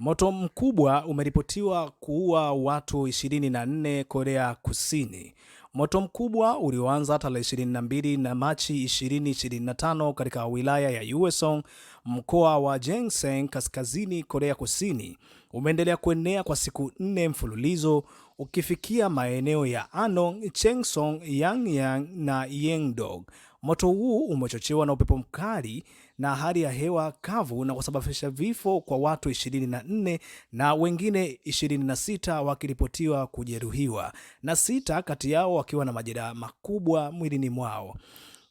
Moto mkubwa umeripotiwa kuua watu 24 Korea Kusini. Moto mkubwa ulioanza tarehe 22 na Machi 2025 katika wilaya ya Uiseong, mkoa wa Jeonseon, kaskazini Korea Kusini, umeendelea kuenea kwa siku nne mfululizo ukifikia maeneo ya Anong, Chengsong, Yangyang na yengdog Moto huu umechochewa na upepo mkali na hali ya hewa kavu na kusababisha vifo kwa watu 24 na wengine 26 wakiripotiwa kujeruhiwa na sita kati yao wakiwa na majeraha makubwa mwilini mwao.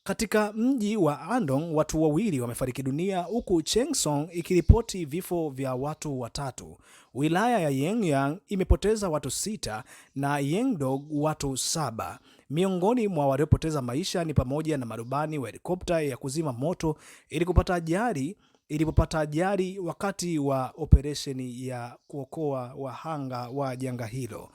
Katika mji wa Andong watu wawili wamefariki dunia huku Chengsong ikiripoti vifo vya watu watatu. Wilaya ya Yengyang imepoteza watu sita na yengdog watu saba. Miongoni mwa waliopoteza maisha ni pamoja na marubani wa helikopta ya kuzima moto ili kupata ajali ilipopata ajali wakati wa operesheni ya kuokoa wahanga wa janga hilo.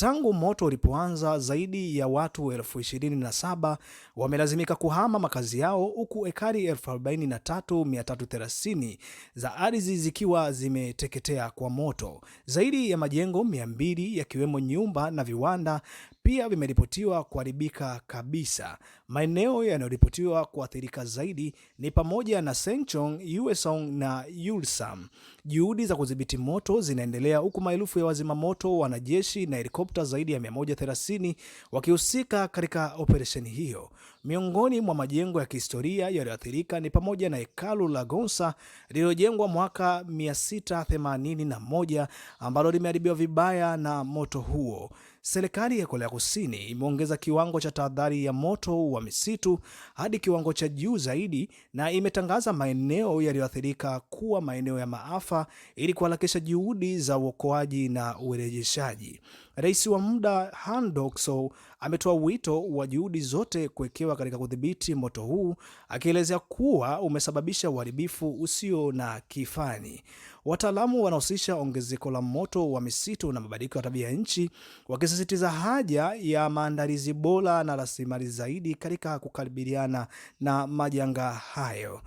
Tangu moto ulipoanza, zaidi ya watu elfu ishirini na saba wamelazimika kuhama makazi yao huku ekari elfu arobaini na tatu mia tatu thelathini za ardhi zikiwa zimeteketea kwa moto. Zaidi ya majengo mia mbili yakiwemo nyumba na viwanda pia vimeripotiwa kuharibika kabisa. Maeneo yanayoripotiwa kuathirika zaidi ni pamoja na Sengchong, usong na Yulsam. Juhudi za kudhibiti moto zinaendelea huku maelfu ya wazima moto, wanajeshi na helikopta helikopta zaidi ya 130 wakihusika katika operesheni hiyo. Miongoni mwa majengo ya kihistoria yaliyoathirika ni pamoja na hekalu la Gonsa lililojengwa mwaka 681 ambalo limeharibiwa vibaya na moto huo. Serikali ya Korea Kusini imeongeza kiwango cha tahadhari ya moto wa misitu hadi kiwango cha juu zaidi na imetangaza maeneo yaliyoathirika kuwa maeneo ya maafa ili kuharakisha juhudi za uokoaji na urejeshaji. Rais wa muda Han Duck-soo ametoa wito wa juhudi zote kuwekewa katika kudhibiti moto huu, akielezea kuwa umesababisha uharibifu usio na kifani. Wataalamu wanahusisha ongezeko la moto wa misitu na mabadiliko ya tabia ya nchi, wakisisitiza haja ya maandalizi bora na rasilimali zaidi katika kukabiliana na majanga hayo.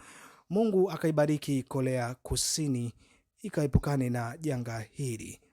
Mungu akaibariki Korea Kusini ikaepukane na janga hili.